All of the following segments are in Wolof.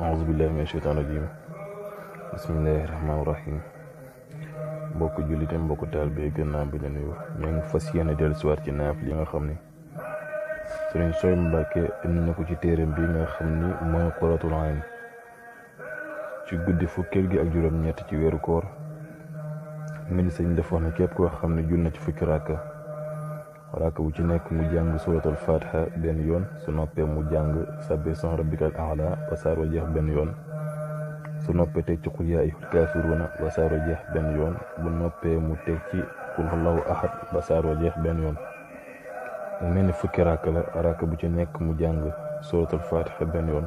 أعوذ بالله من الشيطان الرجيم بسم الله الرحمن الرحيم بوك جوليتم بوك تال بي گنا بي لا نوي وخ نين فاسيينا ديل سوار تي ناف ليغا خامني سيرين سوي مباكي ان نكو تي تيرم بيغا خامني مو قرة العين تي گودي فوكيل گي اك جوروم نيت تي ويرو كور ملي سيرين دافون كيب كو خامني جولنا تي فوكي راكه malaaka bu ci nekk mu jàng suratul fatiha benn yoon su noppee mu jàng sabbi son rabbikal aala ba saaro jeex benn yoon su noppee teg ci qul yaa jeex benn yoon bu noppee mu teg ci qul huwallahu ahad ba saaro jeex benn yoon mu mel ni fukki rakk la rakk bu ci nekk mu jàng suratul fatiha benn yoon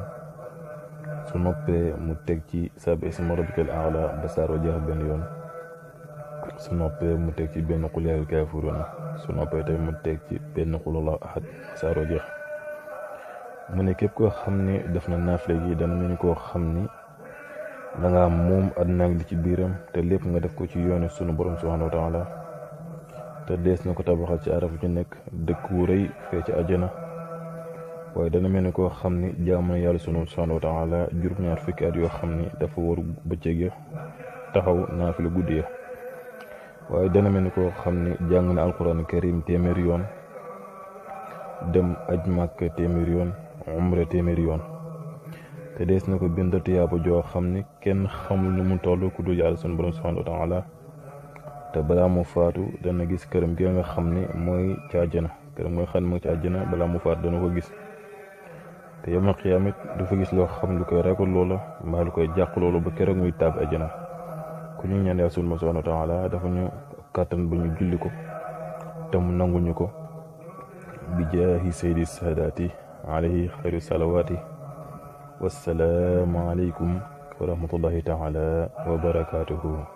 su noppee mu teg ci sabbi isma rabbikal aala ba saaro jeex benn yoon su noppee mu teg ci benn xul yaayal kaafiruuna su noppee tamit mu teg ci benn xul la ahad saaroo jeex mu ne képp ko xam ni def na naafile gi dana mel ni koo xam ni danga ngaa moom àddina ak li ci biiram te lépp nga def ko ci yoonu sunu borom subhaanahu wa taala te dees na ko tabaxal ci araf ci nekk dëkk wu rëy fee ci àjjana waaye dana mel ni ko xam ni jaamu na yàlla sunu subhaanahu wa taala juróom-ñaar fukki at yoo xam ni dafa war bëccëg ya taxaw naafile guddi waye dana melni ko xamni jang na alquran karim temerion yon dem ajmak temer yon umra temer yon te des nako ko bind tiyaaba joo xam ken xamul nu mu tollu ku du yalla sun borom subhanahu wa taala te bala mu fatu dana gis këram gi nga xamni moy mooy ci moy xam mu faatu dana ko gis te yomal xiyaamit du fa gis lo xam lu koy ragal ma lu koy jàq lolu ba keroog muy tab aljana bu ñu ñaan yàlla suñu ma subhanahu wa ñu kàttan ba ñu julli ko te mu nanguñu ko bi jaahi saydi saadaati alayhi xayru salawaati wassalaamu aleykum wa rahmatullahi taala wa